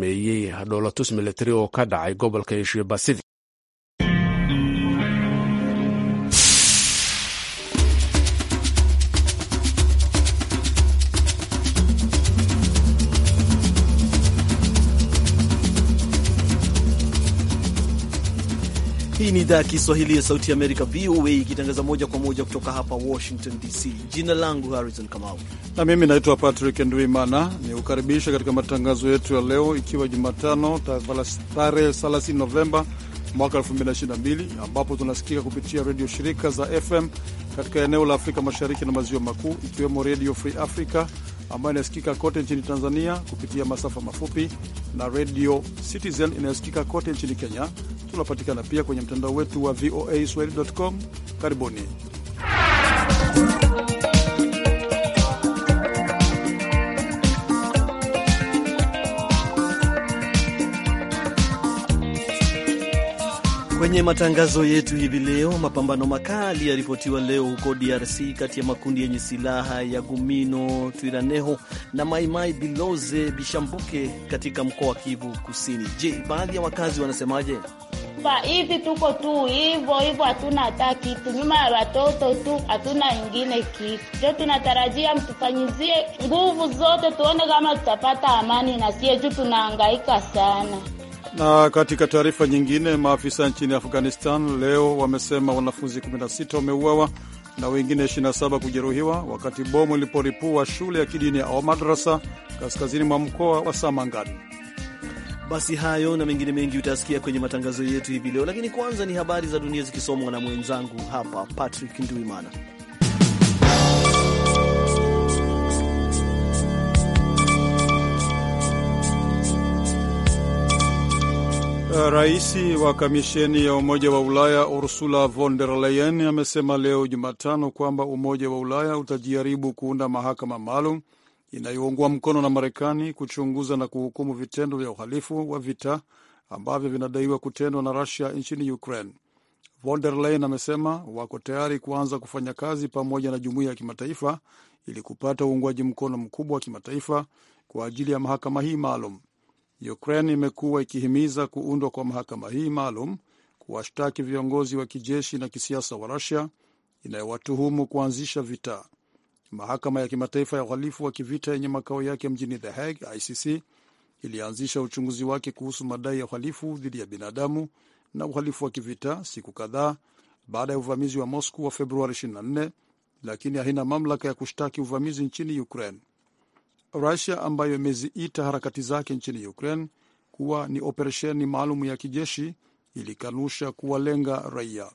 meeyey dhoolatus milatari oo ka dhacay gobolka eshiya basidi Hii ni idhaa ya Kiswahili ya Sauti Amerika, VOA, ikitangaza moja kwa moja kutoka hapa Washington DC. Jina langu Harrison Kamau na mimi naitwa Patrick Ndwimana. Ni kukaribisha katika matangazo yetu ya leo, ikiwa Jumatano tarehe 30 Novemba mwaka 2022, ambapo tunasikika kupitia redio shirika za FM katika eneo la Afrika Mashariki na Maziwa Makuu, ikiwemo Redio Free Africa ambayo inasikika kote nchini Tanzania kupitia masafa mafupi na Radio Citizen inayosikika kote nchini Kenya. Tunapatikana pia kwenye mtandao wetu wa voa swahili.com. Karibuni. Kwenye matangazo yetu hivi leo, mapambano makali yaripotiwa leo huko DRC kati ya makundi yenye silaha ya Gumino, Twiraneho na Maimai Biloze Bishambuke katika mkoa wa Kivu Kusini. Je, baadhi ya wakazi wanasemaje? Hivi tuko tu hivo hivo hatuna hata kitu, nyuma ya watoto tu, hatuna ingine kitu. Jo, tunatarajia mtufanyizie nguvu zote, tuone kama tutapata amani na sie juu tunaangaika sana. Na katika taarifa nyingine, maafisa nchini Afghanistan leo wamesema wanafunzi 16 wameuawa na wengine 27 kujeruhiwa wakati bomu iliporipua shule ya kidini au madrasa kaskazini mwa mkoa wa Samangan. Basi hayo na mengine mengi utasikia kwenye matangazo yetu hivi leo, lakini kwanza ni habari za dunia zikisomwa na mwenzangu hapa Patrick Nduimana. Eh, rais wa kamisheni ya Umoja wa Ulaya Ursula von der Leyen amesema leo Jumatano kwamba Umoja wa Ulaya utajaribu kuunda mahakama maalum inayoungwa mkono na Marekani kuchunguza na kuhukumu vitendo vya uhalifu wa vita ambavyo vinadaiwa kutendwa na Rusia nchini Ukraine. Von der Leyen amesema wako tayari kuanza kufanya kazi pamoja na jumuiya ya kimataifa ili kupata uungwaji mkono mkubwa wa kimataifa kwa ajili ya mahakama hii maalum. Ukraine imekuwa ikihimiza kuundwa kwa mahakama hii maalum kuwashtaki viongozi wa kijeshi na kisiasa wa Rusia inayowatuhumu kuanzisha vita. Mahakama ya Kimataifa ya Uhalifu wa Kivita yenye makao yake mjini The Hague, ICC, ilianzisha uchunguzi wake kuhusu madai ya uhalifu dhidi ya binadamu na uhalifu wa kivita siku kadhaa baada ya uvamizi wa Moscow wa Februari 24, lakini haina mamlaka ya kushtaki uvamizi nchini Ukraine. Rusia ambayo imeziita harakati zake nchini Ukraine kuwa ni operesheni maalum ya kijeshi ilikanusha kuwalenga raia.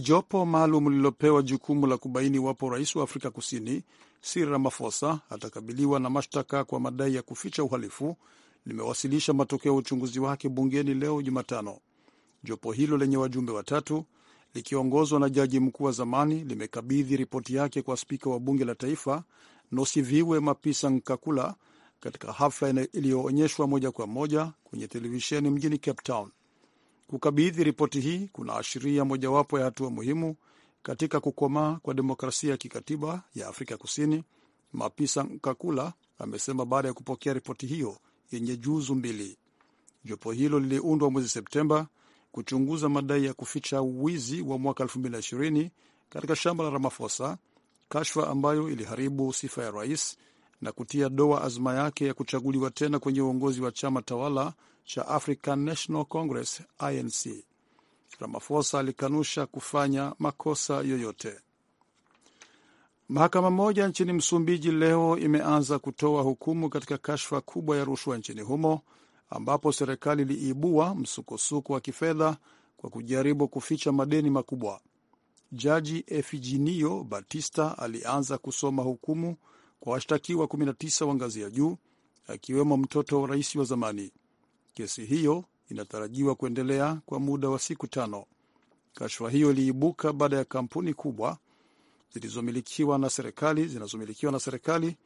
Jopo maalum lililopewa jukumu la kubaini iwapo rais wa Afrika Kusini Cyril Ramaphosa atakabiliwa na mashtaka kwa madai ya kuficha uhalifu limewasilisha matokeo ya uchunguzi wake bungeni leo Jumatano. Jopo hilo lenye wajumbe watatu likiongozwa na jaji mkuu wa zamani limekabidhi ripoti yake kwa spika wa bunge la taifa Nosiviwe Mapisa Nkakula katika hafla iliyoonyeshwa moja kwa moja kwenye televisheni mjini Cape Town. Kukabidhi ripoti hii kunaashiria mojawapo ya hatua muhimu katika kukomaa kwa demokrasia ya kikatiba ya Afrika Kusini, Mapisa Nkakula amesema baada ya kupokea ripoti hiyo yenye juzu mbili. Jopo hilo liliundwa mwezi Septemba kuchunguza madai ya kuficha wizi wa mwaka 2020 katika shamba la ramafosa kashfa ambayo iliharibu sifa ya rais na kutia doa azma yake ya kuchaguliwa tena kwenye uongozi wa chama tawala cha African National Congress INC. ramafosa alikanusha kufanya makosa yoyote. Mahakama moja nchini Msumbiji leo imeanza kutoa hukumu katika kashfa kubwa ya rushwa nchini humo ambapo serikali iliibua msukosuko wa kifedha kwa kujaribu kuficha madeni makubwa. Jaji Efiginio Batista alianza kusoma hukumu kwa washtakiwa 19 wa ngazi ya juu akiwemo mtoto wa rais wa zamani. Kesi hiyo inatarajiwa kuendelea kwa muda wa siku tano. Kashfa hiyo iliibuka baada ya kampuni kubwa zilizomilikiwa na serikali zinazomilikiwa na serikali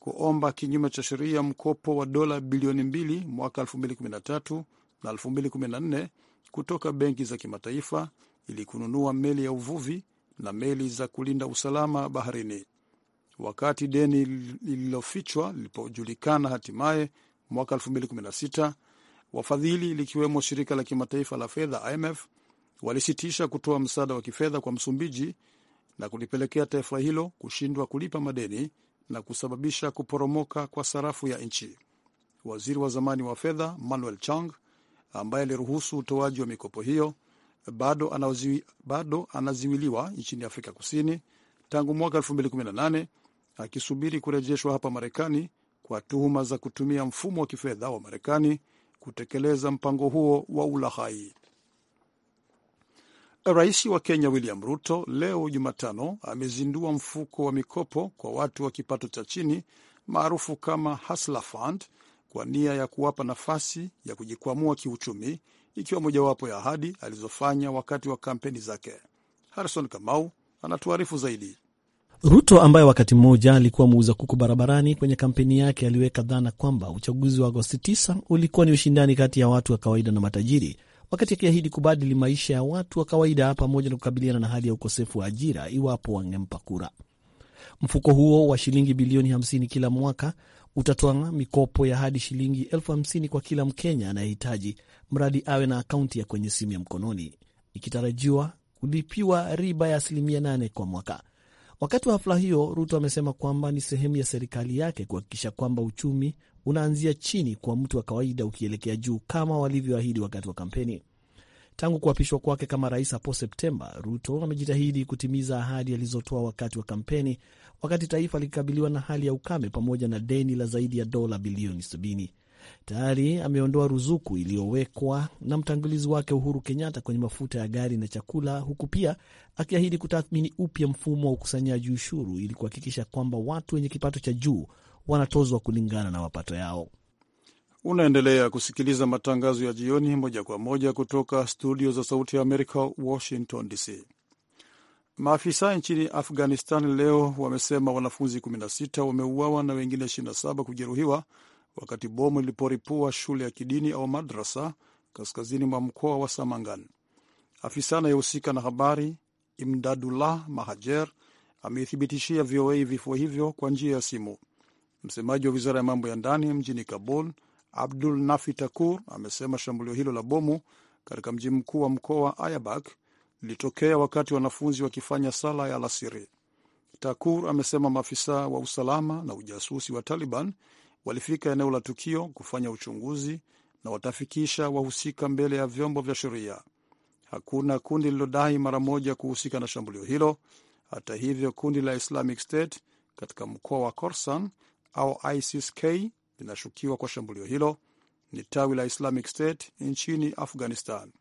kuomba kinyume cha sheria mkopo wa dola bilioni mbili mwaka 2013 na 2014 kutoka benki za kimataifa ili kununua meli ya uvuvi na meli za kulinda usalama baharini. Wakati deni lililofichwa lilipojulikana hatimaye mwaka 2016, wafadhili likiwemo shirika la kimataifa la fedha IMF walisitisha kutoa msaada wa kifedha kwa Msumbiji na kulipelekea taifa hilo kushindwa kulipa madeni na kusababisha kuporomoka kwa sarafu ya nchi. Waziri wa zamani wa fedha Manuel Chang, ambaye aliruhusu utoaji wa mikopo hiyo, bado, anaziwi, bado anaziwiliwa nchini Afrika Kusini tangu mwaka 2018 akisubiri kurejeshwa hapa Marekani kwa tuhuma za kutumia mfumo wa kifedha wa Marekani kutekeleza mpango huo wa ulaghai Rais wa Kenya William Ruto leo Jumatano amezindua mfuko wa mikopo kwa watu wa kipato cha chini maarufu kama Hustler Fund kwa nia ya kuwapa nafasi ya kujikwamua kiuchumi ikiwa mojawapo ya ahadi alizofanya wakati wa kampeni zake. Harison Kamau anatuarifu zaidi. Ruto ambaye wakati mmoja alikuwa muuza kuku barabarani, kwenye kampeni yake aliweka dhana kwamba uchaguzi wa Agosti 9 ulikuwa ni ushindani kati ya watu wa kawaida na matajiri, wakati akiahidi kubadili maisha ya watu wa kawaida pamoja na kukabiliana na hali ya ukosefu wa ajira iwapo wangempa kura. Mfuko huo wa shilingi bilioni 50 kila mwaka utatoa mikopo ya hadi shilingi elfu kwa kila Mkenya anayehitaji mradi awe na akaunti ya kwenye simu ya mkononi, ikitarajiwa kulipiwa riba ya asilimia nane kwa mwaka. Wakati wa hafla hiyo, Ruto amesema kwamba ni sehemu ya serikali yake kuhakikisha kwamba uchumi unaanzia chini kwa mtu wa kawaida ukielekea juu kama walivyoahidi wakati wa kampeni. Tangu kuapishwa kwake kama rais hapo Septemba, Ruto amejitahidi kutimiza ahadi alizotoa wakati wa kampeni, wakati taifa likikabiliwa na hali ya ukame pamoja na deni la zaidi ya dola bilioni 70 tayari ameondoa ruzuku iliyowekwa na mtangulizi wake Uhuru Kenyatta kwenye mafuta ya gari na chakula, huku pia akiahidi kutathmini upya mfumo wa ukusanyaji ushuru ili kuhakikisha kwamba watu wenye kipato cha juu wanatozwa kulingana na mapato yao. Unaendelea kusikiliza matangazo ya jioni moja kwa moja kutoka studio za Sauti ya Amerika, Washington DC. Maafisa nchini Afghanistan leo wamesema wanafunzi 16 wameuawa na wengine 27 kujeruhiwa wakati bomu liliporipua shule ya kidini au madrasa kaskazini mwa mkoa wa Samangan. Afisa anayehusika na habari Imdadullah Mahajer ameithibitishia VOA vifo hivyo kwa njia ya simu. Msemaji wa wizara ya mambo ya ndani mjini Kabul, Abdul Nafi Takur, amesema shambulio hilo la bomu katika mji mkuu wa mkoa Ayabak lilitokea wakati wanafunzi wakifanya sala ya alasiri. Takur amesema maafisa wa usalama na ujasusi wa Taliban walifika eneo la tukio kufanya uchunguzi na watafikisha wahusika mbele ya vyombo vya sheria. Hakuna kundi lililodai mara moja kuhusika na shambulio hilo. Hata hivyo, kundi la Islamic State katika mkoa wa Khorasan au ISIS-K linashukiwa kwa shambulio hilo. Ni tawi la Islamic State nchini Afghanistan.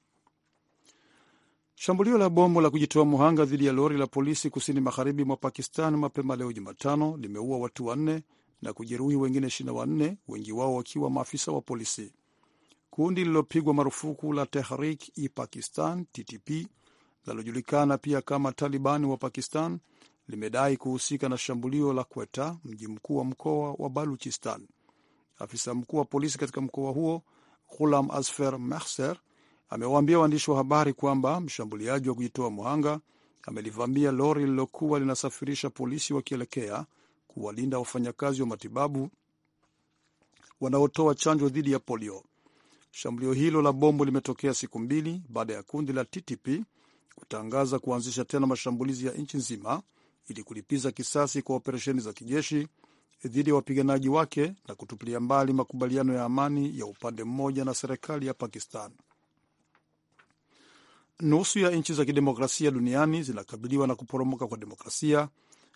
Shambulio la bomu la kujitoa muhanga dhidi ya lori la polisi kusini magharibi mwa Pakistan mapema leo Jumatano limeua watu wanne na kujeruhi wengine 24, wengi wao wakiwa maafisa wa polisi. Kundi lililopigwa marufuku la Tehrik i Pakistan TTP linalojulikana pia kama Talibani wa Pakistan limedai kuhusika na shambulio la Kweta, mji mkuu wa mkoa wa Baluchistan. Afisa mkuu wa polisi katika mkoa huo Ghulam Asfer mehser amewaambia waandishi wa habari kwamba mshambuliaji wa kujitoa muhanga amelivamia lori lililokuwa linasafirisha polisi wakielekea kuwalinda wafanyakazi wa matibabu wanaotoa chanjo dhidi ya polio. Shambulio hilo la bombo limetokea siku mbili baada ya kundi la TTP kutangaza kuanzisha tena mashambulizi ya nchi nzima ili kulipiza kisasi kwa operesheni za kijeshi dhidi ya wapiganaji wake na kutupilia mbali makubaliano ya amani ya upande mmoja na serikali ya Pakistan. Nusu ya nchi za kidemokrasia duniani zinakabiliwa na kuporomoka kwa demokrasia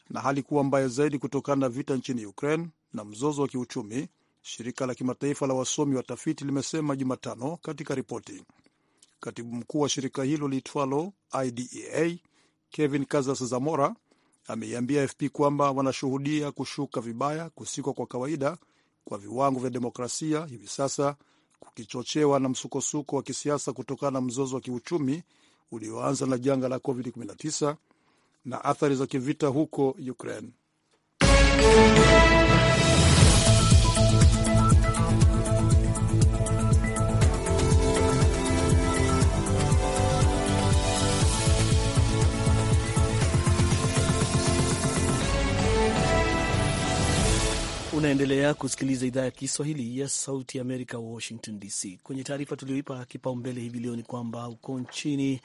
na hali kuwa mbaya zaidi kutokana na vita nchini Ukraine na mzozo wa kiuchumi, shirika la kimataifa la wasomi watafiti limesema Jumatano katika ripoti. Katibu mkuu wa shirika hilo liitwalo IDEA Kevin Kazas Zamora ameiambia fp kwamba wanashuhudia kushuka vibaya kusikwa kwa kawaida kwa viwango vya demokrasia hivi sasa kukichochewa na msukosuko wa kisiasa kutokana na mzozo wa kiuchumi ulioanza na janga la COVID-19 na athari za kivita huko Ukraine. Unaendelea kusikiliza idhaa ya Kiswahili ya Sauti ya Amerika, Washington DC. Kwenye taarifa tulioipa kipaumbele hivi leo ni kwamba huko nchini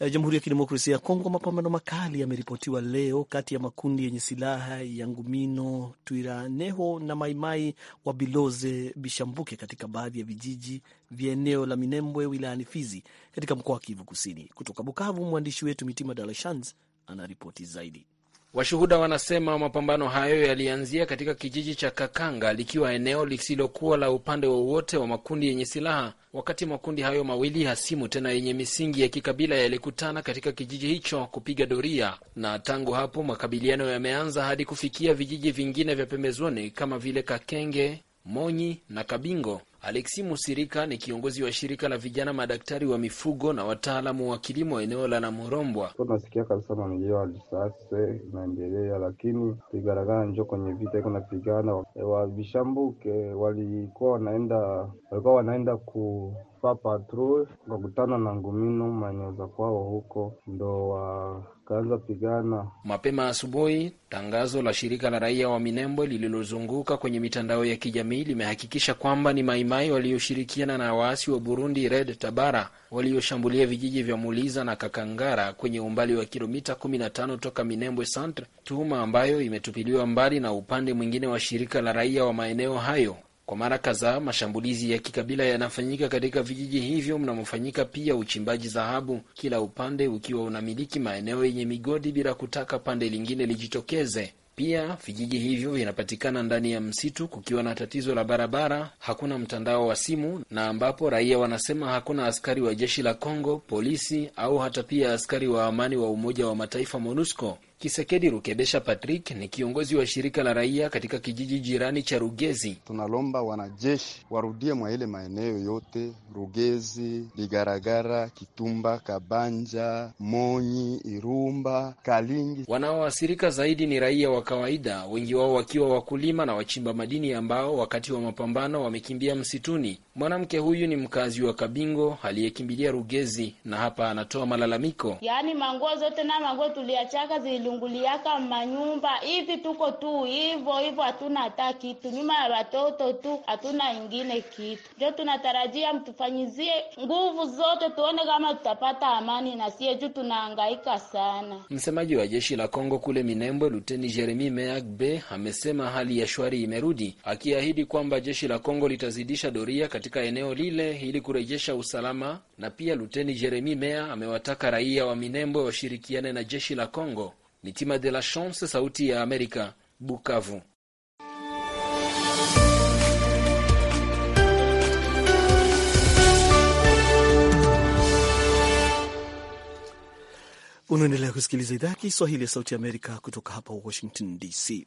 eh, Jamhuri ya Kidemokrasia ya Kongo, mapambano makali yameripotiwa leo kati ya makundi yenye silaha ya Ngumino, Twiraneho na Maimai wa Biloze Bishambuke katika baadhi ya vijiji vya eneo la Minembwe wilayani Fizi katika mkoa wa Kivu Kusini. Kutoka Bukavu, mwandishi wetu Mitima Dalashans anaripoti zaidi. Washuhuda wanasema mapambano hayo yalianzia katika kijiji cha Kakanga, likiwa eneo lisilokuwa la upande wowote wa, wa makundi yenye silaha. Wakati makundi hayo mawili hasimu tena yenye misingi ya kikabila yalikutana katika kijiji hicho kupiga doria, na tangu hapo makabiliano yameanza hadi kufikia vijiji vingine vya pembezoni kama vile Kakenge, Monyi na Kabingo. Alexi Musirika ni kiongozi wa shirika la vijana madaktari wa mifugo na wataalamu wa kilimo eneo la Namorombwa. Tunasikia kabisa mamilio ya risasi inaendelea, lakini tigaragana njo kwenye vita iko napigana wa wavishambuke walikuwa wanaenda walikuwa wanaenda ku patrol wakutana na ngumino maeneo za kwao huko ndo wa kaanza pigana mapema asubuhi. Tangazo la shirika la raia wa Minembwe lililozunguka kwenye mitandao ya kijamii limehakikisha kwamba ni Maimai walioshirikiana na waasi wa Burundi Red Tabara walioshambulia vijiji vya Muliza na Kakangara kwenye umbali wa kilomita 15 toka Minembwe Centre, tuhuma ambayo imetupiliwa mbali na upande mwingine wa shirika la raia wa maeneo hayo kwa mara kadhaa mashambulizi ya kikabila yanafanyika katika vijiji hivyo mnamofanyika pia uchimbaji dhahabu, kila upande ukiwa unamiliki maeneo yenye migodi bila kutaka pande lingine lijitokeze. Pia vijiji hivyo vinapatikana ndani ya msitu, kukiwa na tatizo la barabara, hakuna mtandao wa simu, na ambapo raia wanasema hakuna askari wa jeshi la Kongo, polisi au hata pia askari wa amani wa Umoja wa Mataifa MONUSCO Kisekedi Rukebesha Patrick ni kiongozi wa shirika la raia katika kijiji jirani cha Rugezi. Tunalomba wanajeshi warudie mwa ile maeneo yote Rugezi, Ligaragara, Kitumba, Kabanja, Monyi, Irumba, Kalingi. Wanaoasirika zaidi ni raia wa kawaida, wengi wao wakiwa wakulima na wachimba madini ambao wakati wa mapambano wamekimbia msituni. Mwanamke huyu ni mkazi wa Kabingo aliyekimbilia Rugezi na hapa anatoa malalamiko. Yaani manguo zote na manguo tuliachaka zilu tunasumbuliaka manyumba hivi, tuko tu hivyo hivyo, hatuna hata kitu nyuma ya watoto tu, hatuna ingine kitu. Njo tunatarajia mtufanyizie nguvu zote, tuone kama tutapata amani na sie juu tunahangaika sana. Msemaji wa jeshi la Kongo kule Minembwe, Luteni Jeremi Meagbe amesema hali ya shwari imerudi, akiahidi kwamba jeshi la Kongo litazidisha doria katika eneo lile ili kurejesha usalama. Na pia Luteni Jeremi Mea amewataka raia wa Minembwe washirikiane na jeshi la Kongo Mitima de la Chance, Sauti ya Amerika, Bukavu. Unaendelea kusikiliza idhaa ya Kiswahili ya Sauti ya Amerika kutoka hapa Washington DC.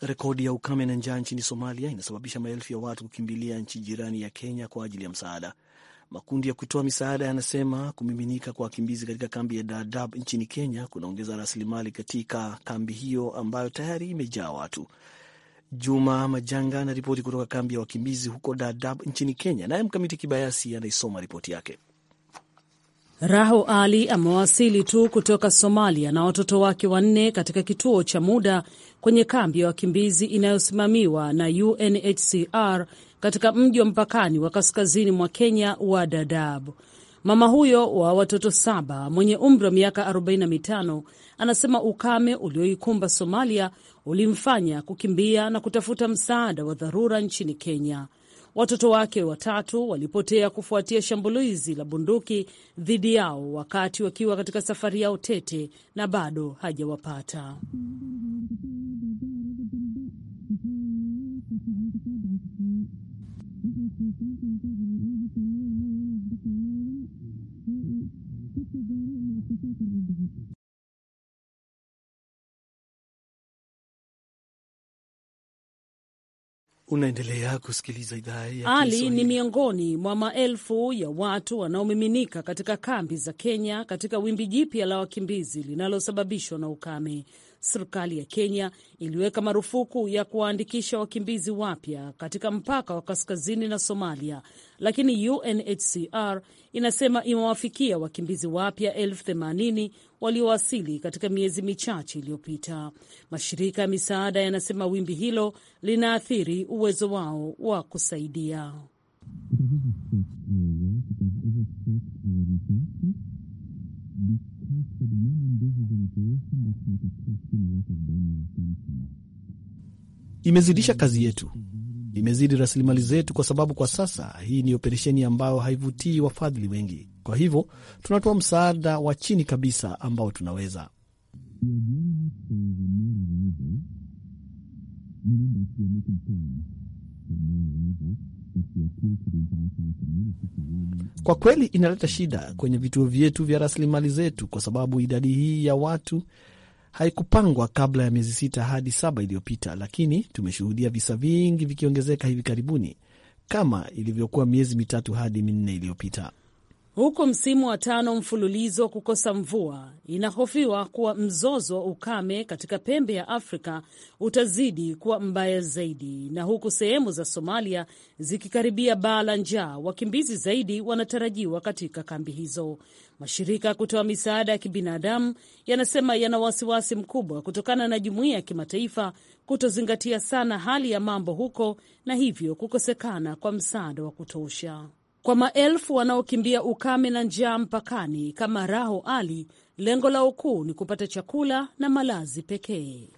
Rekodi ya ukame na njaa nchini Somalia inasababisha maelfu ya watu kukimbilia nchi jirani ya Kenya kwa ajili ya msaada. Makundi ya kutoa misaada yanasema kumiminika kwa wakimbizi katika kambi ya Dadaab nchini Kenya kunaongeza rasilimali katika kambi hiyo ambayo tayari imejaa watu. Juma Majanga anaripoti kutoka kambi ya wakimbizi huko Dadaab nchini Kenya, naye Mkamiti Kibayasi anaisoma ripoti yake. Raho Ali amewasili tu kutoka Somalia na watoto wake wanne katika kituo cha muda kwenye kambi ya wakimbizi inayosimamiwa na UNHCR katika mji wa mpakani wa kaskazini mwa Kenya wa Dadaab. Mama huyo wa watoto saba mwenye umri wa miaka 45 anasema ukame ulioikumba Somalia ulimfanya kukimbia na kutafuta msaada wa dharura nchini Kenya. Watoto wake watatu walipotea kufuatia shambulizi la bunduki dhidi yao wakati wakiwa katika safari yao tete na bado hajawapata. Unaendelea kusikiliza idhaa ya Ali ni miongoni mwa maelfu ya watu wanaomiminika katika kambi za Kenya katika wimbi jipya la wakimbizi linalosababishwa na ukame serikali ya Kenya iliweka marufuku ya kuwaandikisha wakimbizi wapya katika mpaka wa kaskazini na Somalia, lakini UNHCR inasema imewafikia wakimbizi wapya elfu themanini waliowasili katika miezi michache iliyopita. Mashirika ya misaada yanasema wimbi hilo linaathiri uwezo wao wa kusaidia Imezidisha kazi yetu, imezidi rasilimali zetu, kwa sababu kwa sasa hii ni operesheni ambayo haivutii wafadhili wengi. Kwa hivyo tunatoa msaada wa chini kabisa ambao tunaweza Kwa kweli inaleta shida kwenye vituo vyetu vya rasilimali zetu, kwa sababu idadi hii ya watu haikupangwa kabla ya miezi sita hadi saba iliyopita, lakini tumeshuhudia visa vingi vikiongezeka hivi karibuni kama ilivyokuwa miezi mitatu hadi minne iliyopita huku msimu wa tano mfululizo wa kukosa mvua inahofiwa kuwa mzozo wa ukame katika pembe ya Afrika utazidi kuwa mbaya zaidi, na huku sehemu za Somalia zikikaribia baa la njaa, wakimbizi zaidi wanatarajiwa katika kambi hizo. Mashirika ya kutoa misaada ya kibinadamu yanasema yana wasiwasi mkubwa kutokana na jumuiya ya kimataifa kutozingatia sana hali ya mambo huko na hivyo kukosekana kwa msaada wa kutosha kwa maelfu wanaokimbia ukame na njaa mpakani. Kama Raho Ali, lengo lao kuu ni kupata chakula na malazi pekee.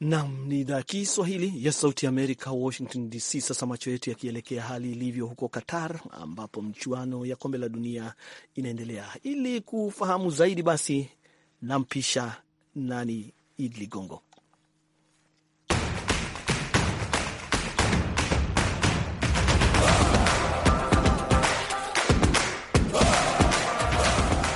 Nam ni idhaa ya Kiswahili ya Sauti Amerika, Washington DC. Sasa macho yetu yakielekea hali ilivyo huko Qatar, ambapo mchuano ya kombe la dunia inaendelea. Ili kufahamu zaidi, basi nampisha nani id Ligongo.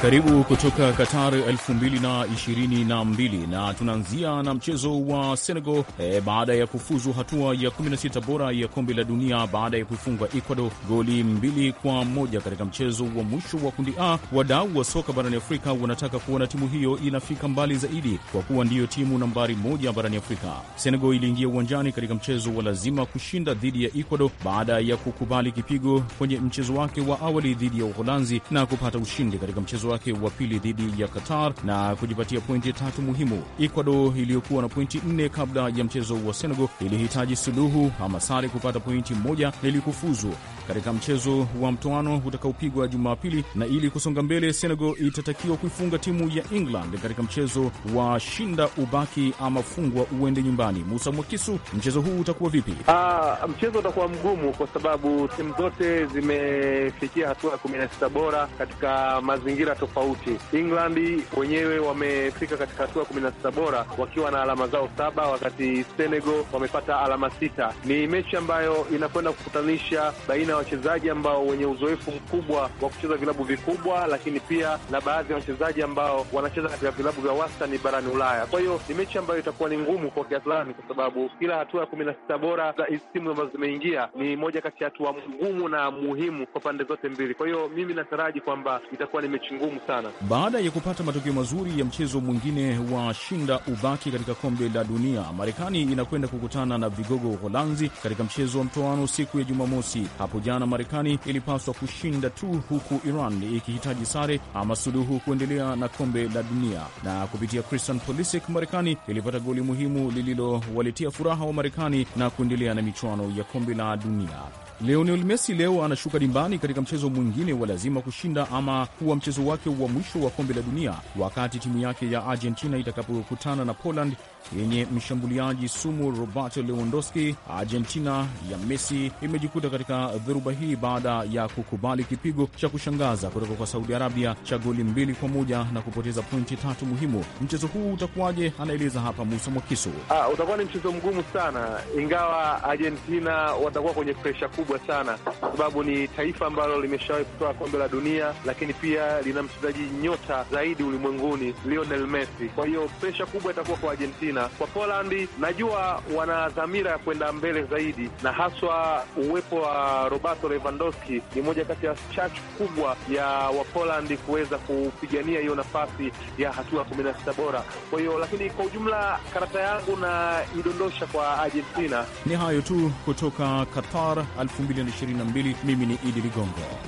Karibu kutoka Qatar 2022 na tunaanzia na mchezo wa Senegal e, baada ya kufuzu hatua ya 16 bora ya kombe la dunia baada ya kuifunga Ecuador goli mbili kwa moja katika mchezo wa mwisho wa kundi A. Wadau wa soka barani Afrika wanataka kuona timu hiyo inafika mbali zaidi kwa kuwa ndiyo timu nambari moja barani Afrika. Senegal iliingia uwanjani katika mchezo wa lazima kushinda dhidi ya Ecuador baada ya kukubali kipigo kwenye mchezo wake wa awali dhidi ya Uholanzi na kupata ushindi katika mchezo wake wa pili dhidi ya Qatar na kujipatia pointi tatu muhimu. Ecuador iliyokuwa na pointi nne kabla ya mchezo wa Senegal ilihitaji suluhu ama sare kupata pointi moja ili kufuzu katika mchezo wa mtoano utakaopigwa Jumapili, na ili kusonga mbele Senegal itatakiwa kuifunga timu ya England katika mchezo wa shinda ubaki ama fungwa uende nyumbani. Musa Mwakisu, mchezo huu utakuwa vipi? Aa, ah, mchezo utakuwa mgumu kwa sababu timu zote zimefikia hatua ya kumi na sita bora katika mazingira tofauti. England wenyewe wamefika katika hatua ya kumi na sita bora wakiwa na alama zao saba, wakati Senegal wamepata alama sita. Ni mechi ambayo inakwenda kukutanisha baina ya wachezaji ambao wenye uzoefu mkubwa wa kucheza vilabu vikubwa, lakini pia na baadhi ya wachezaji ambao wanacheza katika vilabu vya wastani barani Ulaya. Kwa hiyo ni mechi ambayo itakuwa ni ngumu kwa kiasi fulani, kwa sababu kila hatua ya kumi na sita bora za hizi timu ambazo zimeingia ni moja kati ya hatua ngumu na muhimu kwa pande zote mbili. Kwa hiyo mimi nataraji kwamba itakuwa ni mechi ngumu ngumu sana. Baada ya kupata matokeo mazuri ya mchezo mwingine wa shinda ubaki katika kombe la dunia, Marekani inakwenda kukutana na vigogo Uholanzi katika mchezo wa mtoano siku ya Jumamosi. Hapo jana Marekani ilipaswa kushinda tu, huku Iran ikihitaji sare ama suluhu kuendelea na kombe la dunia. Na kupitia Christian Pulisic, Marekani ilipata goli muhimu lililowaletea furaha wa Marekani na kuendelea na michuano ya kombe la dunia. Lionel Messi leo anashuka dimbani katika mchezo mwingine wa lazima kushinda ama kuwa mchezo wake wa mwisho wa kombe la dunia, wakati timu yake ya Argentina itakapokutana na Poland yenye mshambuliaji sumu Roberto Lewandowski, Argentina ya Messi imejikuta katika dhoruba hii baada ya kukubali kipigo cha kushangaza kutoka kwa Saudi Arabia cha goli mbili kwa moja na kupoteza pointi tatu muhimu. Mchezo huu utakuwaje? Anaeleza hapa Musa Mwakiso. Ah, utakuwa ni mchezo mgumu sana, ingawa Argentina watakuwa kwenye presha kubwa sana, kwa sababu ni taifa ambalo limeshawahi kutoa kombe la dunia, lakini pia lina mchezaji nyota zaidi ulimwenguni Lionel Messi. Kwa hiyo presha kubwa itakuwa kwa Argentina. China. Kwa Poland, najua wana dhamira ya kwenda mbele zaidi, na haswa uwepo wa Roberto Lewandowski ni moja kati ya chachu kubwa ya Wapolandi kuweza kupigania hiyo nafasi ya hatua kumi na sita bora. Kwa hiyo lakini, kwa ujumla, karata yangu na idondosha kwa Argentina. Ni hayo tu kutoka Qatar 2022. Mimi ni Idi Ligongo.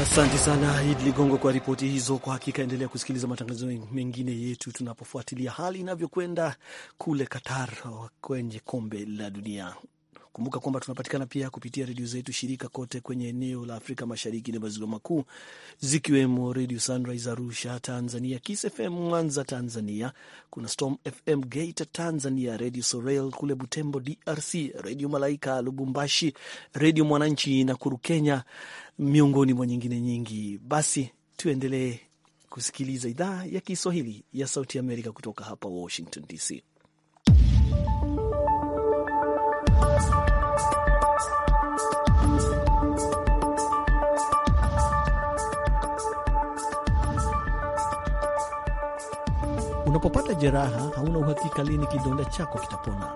Asante sana Idi Ligongo kwa ripoti hizo. Kwa hakika, endelea kusikiliza matangazo mengine yetu tunapofuatilia hali inavyokwenda kule Qatar kwenye kombe la dunia. Kumbuka kwamba tunapatikana pia kupitia redio zetu shirika kote kwenye eneo la Afrika Mashariki na Maziwa Makuu, zikiwemo Redio Sunrise Arusha Tanzania, Kiss FM Mwanza Tanzania, kuna Storm FM Gate Tanzania, Redio Sorel kule Butembo DRC, Redio Malaika Lubumbashi, Redio Mwananchi Nakuru Kenya, miongoni mwa nyingine nyingi. Basi tuendelee kusikiliza idhaa ya Kiswahili ya Sauti Amerika kutoka hapa Washington DC. Unapopata jeraha, hauna uhakika lini kidonda chako kitapona,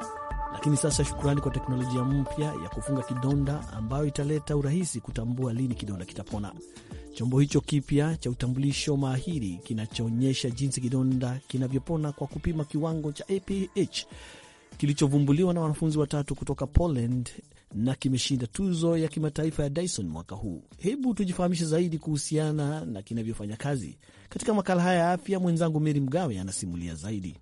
lakini sasa, shukrani kwa teknolojia mpya ya kufunga kidonda ambayo italeta urahisi kutambua lini kidonda kitapona. Chombo hicho kipya cha utambulisho mahiri kinachoonyesha jinsi kidonda kinavyopona kwa kupima kiwango cha APH, kilichovumbuliwa na wanafunzi watatu kutoka Poland na kimeshinda tuzo ya kimataifa ya Dyson mwaka huu. Hebu tujifahamishe zaidi kuhusiana na kinavyofanya kazi. Katika makala haya ya afya, mwenzangu Meri Mgawe anasimulia zaidi.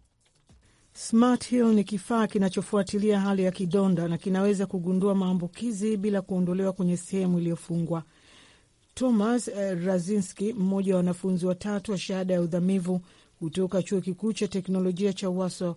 Smart Hill ni kifaa kinachofuatilia hali ya kidonda na kinaweza kugundua maambukizi bila kuondolewa kwenye sehemu iliyofungwa. Thomas eh, Razinski, mmoja wa wanafunzi watatu wa shahada ya udhamivu kutoka chuo kikuu cha teknolojia cha Waso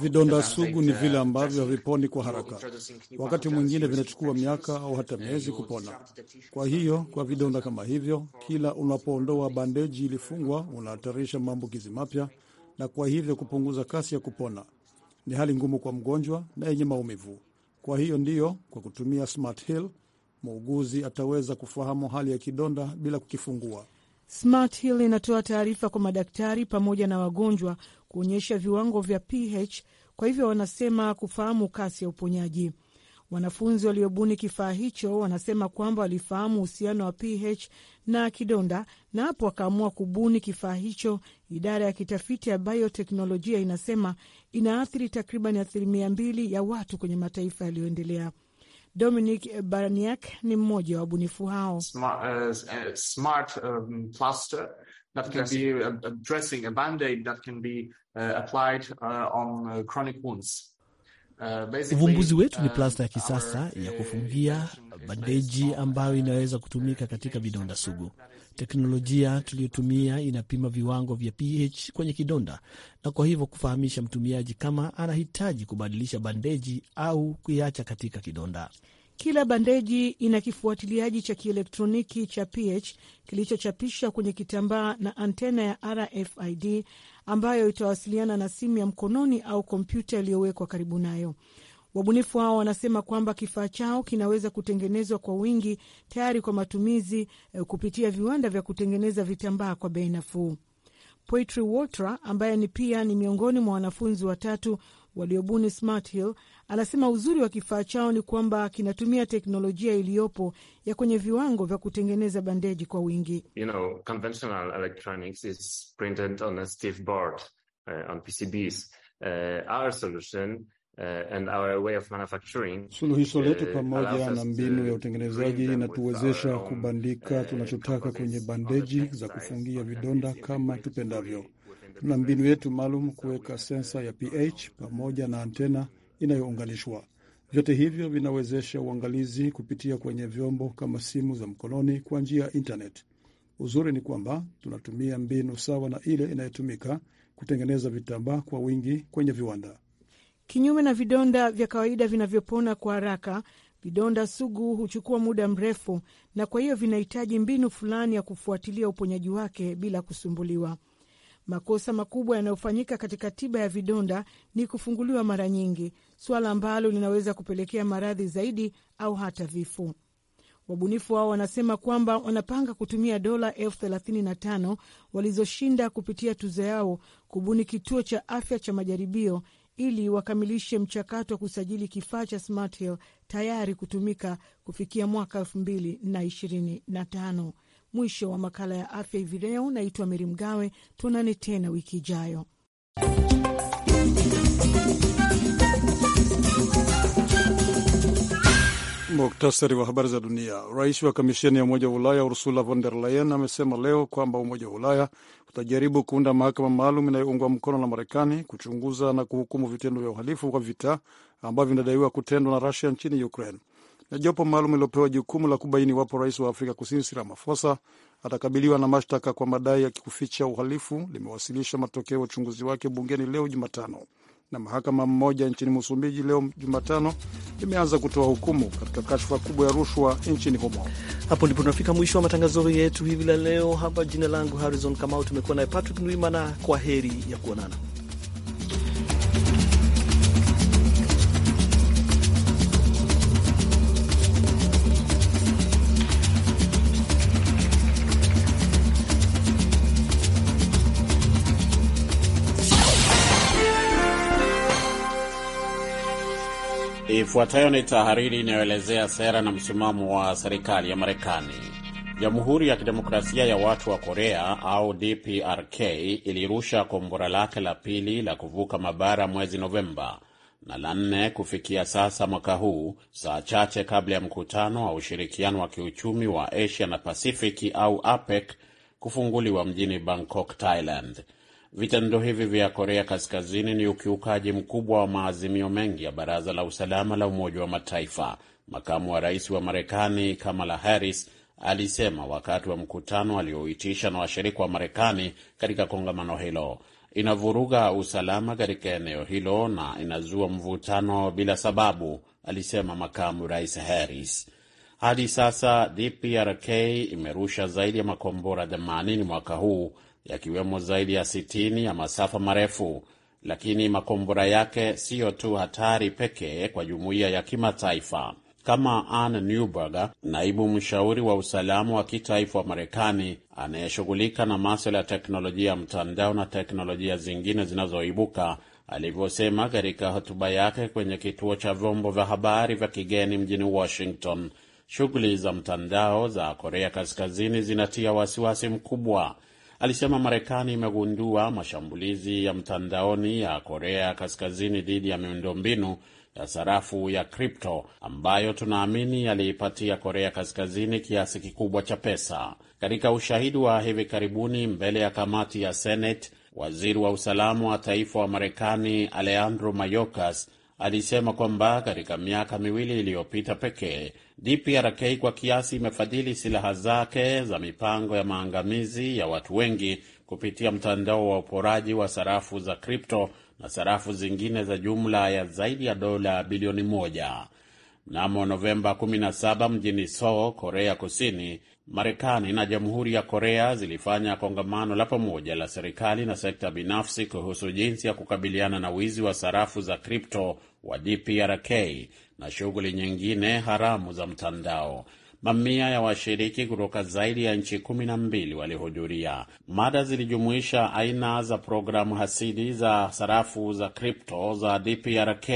vidonda sugu ni uh, vile ambavyo haviponi kwa haraka, wakati mwingine vinachukua miaka au hata miezi kupona. Kwa hiyo kwa vidonda kama hivyo, kila unapoondoa bandeji ilifungwa, uh, unahatarisha maambukizi mapya na kwa hivyo kupunguza kasi ya kupona. Ni hali ngumu kwa mgonjwa na yenye maumivu. Kwa hiyo ndiyo, kwa kutumia Smart Heal muuguzi ataweza kufahamu hali ya kidonda bila kukifungua. Smart Hill inatoa taarifa kwa madaktari pamoja na wagonjwa kuonyesha viwango vya pH, kwa hivyo wanasema kufahamu kasi ya uponyaji. Wanafunzi waliobuni kifaa hicho wanasema kwamba walifahamu uhusiano wa pH na kidonda, na hapo wakaamua kubuni kifaa hicho. Idara ya kitafiti ya bioteknolojia inasema inaathiri takriban asilimia mbili ya watu kwenye mataifa yaliyoendelea. Dominic Barniak ni mmoja wa bunifu hao. Smart, uh, uh, smart, um, that can be a dressing, uh, a band-aid that can be uh, applied uh, on uh, chronic wounds. Uvumbuzi wetu ni plasta ya kisasa ya kufungia bandeji ambayo inaweza kutumika katika vidonda sugu. Teknolojia tuliyotumia inapima viwango vya pH kwenye kidonda na kwa hivyo kufahamisha mtumiaji kama anahitaji kubadilisha bandeji au kuiacha katika kidonda. Kila bandeji ina kifuatiliaji cha kielektroniki cha pH kilichochapishwa kwenye kitambaa na antena ya RFID ambayo itawasiliana na simu ya mkononi au kompyuta iliyowekwa karibu nayo. Wabunifu hao wanasema kwamba kifaa chao kinaweza kutengenezwa kwa wingi tayari kwa matumizi eh, kupitia viwanda vya kutengeneza vitambaa kwa bei nafuu. Poitry Water ambaye ni pia ni miongoni mwa wanafunzi watatu waliobuni Smart Hill anasema uzuri wa kifaa chao ni kwamba kinatumia teknolojia iliyopo ya kwenye viwango vya kutengeneza bandeji kwa wingi. You know, conventional electronics is printed on a stiff board, uh, on PCBs. Uh, eh, our solution Uh, and our way of manufacturing, suluhisho uh, letu pamoja na mbinu ya utengenezaji inatuwezesha kubandika uh, tunachotaka kwenye bandeji za kufungia vidonda kama tupendavyo. Tuna mbinu yetu maalum kuweka sensa ya pH pamoja na antena inayounganishwa. Vyote hivyo vinawezesha uangalizi kupitia kwenye vyombo kama simu za mkononi kwa njia ya intanet. Uzuri ni kwamba tunatumia mbinu sawa na ile inayotumika kutengeneza vitambaa kwa wingi kwenye viwanda. Kinyume na vidonda vya kawaida vinavyopona kwa haraka, vidonda sugu huchukua muda mrefu, na kwa hiyo vinahitaji mbinu fulani ya kufuatilia uponyaji wake bila kusumbuliwa. Makosa makubwa yanayofanyika katika tiba ya vidonda ni kufunguliwa mara nyingi, suala ambalo linaweza kupelekea maradhi zaidi au hata vifo. Wabunifu hao wanasema kwamba wanapanga kutumia dola elfu thelathini na tano walizoshinda kupitia tuzo yao kubuni kituo cha afya cha majaribio ili wakamilishe mchakato wa kusajili kifaa cha Smart Hill tayari kutumika kufikia mwaka elfu mbili na ishirini na tano. Mwisho wa makala ya afya hivi leo. Naitwa Meri Mgawe, tuonane tena wiki ijayo. Muktasari wa habari za dunia. Rais wa kamisheni ya Umoja wa Ulaya Ursula von der Leyen amesema leo kwamba Umoja wa Ulaya utajaribu kuunda mahakama maalum inayoungwa mkono na Marekani kuchunguza na kuhukumu vitendo vya uhalifu kwa vita ambavyo vinadaiwa kutendwa na Rusia nchini Ukraine, na jopo maalum iliopewa jukumu la kubaini iwapo rais wa Afrika Kusini Cyril Ramaphosa atakabiliwa na mashtaka kwa madai ya kuficha uhalifu limewasilisha matokeo ya uchunguzi wake bungeni leo Jumatano na mahakama mmoja nchini Msumbiji leo Jumatano imeanza kutoa hukumu katika kashfa kubwa ya rushwa nchini humo. Hapo ndipo tunafika mwisho wa matangazo yetu hivi la leo hapa. Jina langu Harrison Kamau, tumekuwa naye Patrick Nwimana. Kwa heri ya kuonana. Ifuatayo ni tahariri inayoelezea sera na msimamo wa serikali ya Marekani. Jamhuri ya Kidemokrasia ya Watu wa Korea au DPRK ilirusha kombora lake la pili la kuvuka mabara mwezi Novemba na la nne kufikia sasa mwaka huu, saa chache kabla ya mkutano wa ushirikiano wa kiuchumi wa Asia na Pasifiki au APEC kufunguliwa mjini Bangkok, Thailand. Vitendo hivi vya Korea Kaskazini ni ukiukaji mkubwa wa maazimio mengi ya Baraza la Usalama la Umoja wa Mataifa. Makamu wa rais wa Marekani Kamala Harris alisema wakati wa mkutano alioitisha na washirika wa Marekani katika kongamano hilo, inavuruga usalama katika eneo hilo na inazua mvutano bila sababu, alisema makamu rais Harris. Hadi sasa DPRK imerusha zaidi ya makombora 80 mwaka huu yakiwemo zaidi ya 60 ya masafa marefu, lakini makombora yake siyo tu hatari pekee kwa jumuiya ya kimataifa. Kama Ann Neuberger, naibu mshauri wa usalama wa kitaifa wa Marekani anayeshughulika na maswala ya teknolojia ya mtandao na teknolojia zingine zinazoibuka alivyosema katika hotuba yake kwenye kituo cha vyombo vya habari vya kigeni mjini Washington, shughuli za mtandao za Korea Kaskazini zinatia wasiwasi mkubwa alisema Marekani imegundua mashambulizi ya mtandaoni ya Korea Kaskazini dhidi ya miundombinu ya sarafu ya kripto ambayo tunaamini yaliipatia Korea Kaskazini kiasi kikubwa cha pesa. Katika ushahidi wa hivi karibuni mbele ya kamati ya Senate, waziri wa usalama wa taifa wa Marekani Alejandro Mayorkas alisema kwamba katika miaka miwili iliyopita pekee DPRK kwa kiasi imefadhili silaha zake za mipango ya maangamizi ya watu wengi kupitia mtandao wa uporaji wa sarafu za kripto na sarafu zingine za jumla ya zaidi ya dola bilioni moja. Mnamo Novemba 17 mjini Seoul, Korea Kusini, Marekani na Jamhuri ya Korea zilifanya kongamano la pamoja la serikali na sekta binafsi kuhusu jinsi ya kukabiliana na wizi wa sarafu za kripto wa DPRK na shughuli nyingine haramu za mtandao. Mamia ya washiriki kutoka zaidi ya nchi kumi na mbili walihudhuria. Mada zilijumuisha aina za programu hasidi za sarafu za kripto za DPRK,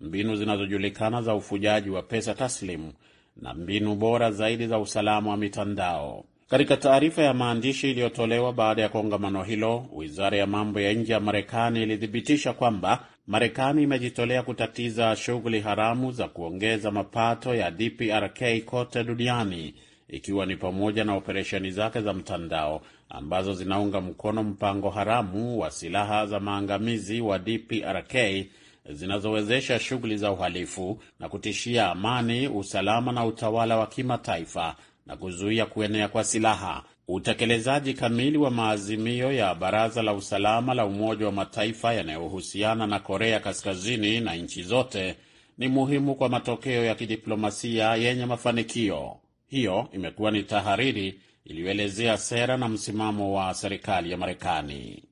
mbinu zinazojulikana za ufujaji wa pesa taslimu na mbinu bora zaidi za usalama wa mitandao. Katika taarifa ya maandishi iliyotolewa baada ya kongamano hilo, wizara ya mambo ya nje ya Marekani ilithibitisha kwamba Marekani imejitolea kutatiza shughuli haramu za kuongeza mapato ya DPRK kote duniani ikiwa ni pamoja na operesheni zake za mtandao ambazo zinaunga mkono mpango haramu wa silaha za maangamizi wa DPRK zinazowezesha shughuli za uhalifu na kutishia amani, usalama na utawala wa kimataifa na kuzuia kuenea kwa silaha. Utekelezaji kamili wa maazimio ya Baraza la Usalama la Umoja wa Mataifa yanayohusiana na Korea Kaskazini na nchi zote ni muhimu kwa matokeo ya kidiplomasia yenye mafanikio. Hiyo imekuwa ni tahariri iliyoelezea sera na msimamo wa serikali ya Marekani.